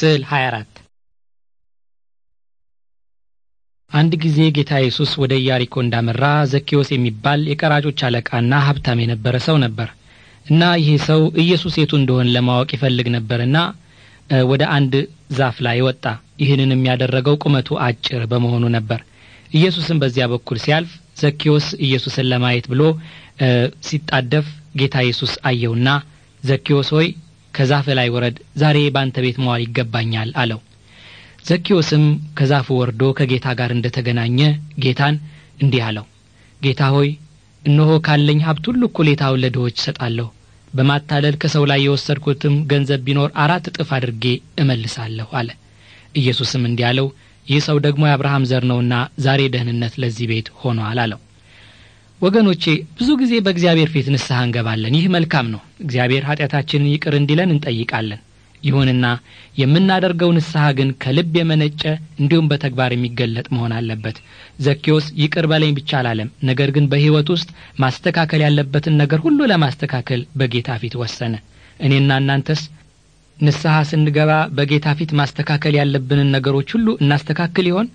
ስዕል 24 አንድ ጊዜ ጌታ ኢየሱስ ወደ ኢያሪኮ እንዳመራ ዘኬዎስ የሚባል የቀራጮች አለቃና ሀብታም የነበረ ሰው ነበር እና ይሄ ሰው ኢየሱስ የቱ እንደሆነ ለማወቅ ይፈልግ ነበርና ወደ አንድ ዛፍ ላይ ወጣ። ይህንን የሚያደረገው ቁመቱ አጭር በመሆኑ ነበር። ኢየሱስም በዚያ በኩል ሲያልፍ ዘኬዎስ ኢየሱስን ለማየት ብሎ ሲጣደፍ ጌታ ኢየሱስ አየውና ዘኬዎስ ሆይ ከዛፍ ላይ ወረድ፣ ዛሬ ባንተ ቤት መዋል ይገባኛል አለው። ዘኪዮስም ከዛፉ ወርዶ ከጌታ ጋር እንደ ተገናኘ ጌታን እንዲህ አለው፣ ጌታ ሆይ እነሆ ካለኝ ሀብት ሁሉ እኩሌታውን ለድሆች እሰጣለሁ። በማታለል ከሰው ላይ የወሰድኩትም ገንዘብ ቢኖር አራት እጥፍ አድርጌ እመልሳለሁ አለ። ኢየሱስም እንዲህ አለው፣ ይህ ሰው ደግሞ የአብርሃም ዘር ነውና ዛሬ ደህንነት ለዚህ ቤት ሆኗል አለው። ወገኖቼ ብዙ ጊዜ በእግዚአብሔር ፊት ንስሐ እንገባለን። ይህ መልካም ነው። እግዚአብሔር ኃጢአታችንን ይቅር እንዲለን እንጠይቃለን። ይሁንና የምናደርገው ንስሐ ግን ከልብ የመነጨ እንዲሁም በተግባር የሚገለጥ መሆን አለበት። ዘኬዎስ ይቅር በለኝ ብቻ አላለም። ነገር ግን በሕይወት ውስጥ ማስተካከል ያለበትን ነገር ሁሉ ለማስተካከል በጌታ ፊት ወሰነ። እኔና እናንተስ ንስሐ ስንገባ በጌታ ፊት ማስተካከል ያለብንን ነገሮች ሁሉ እናስተካክል ይሆን?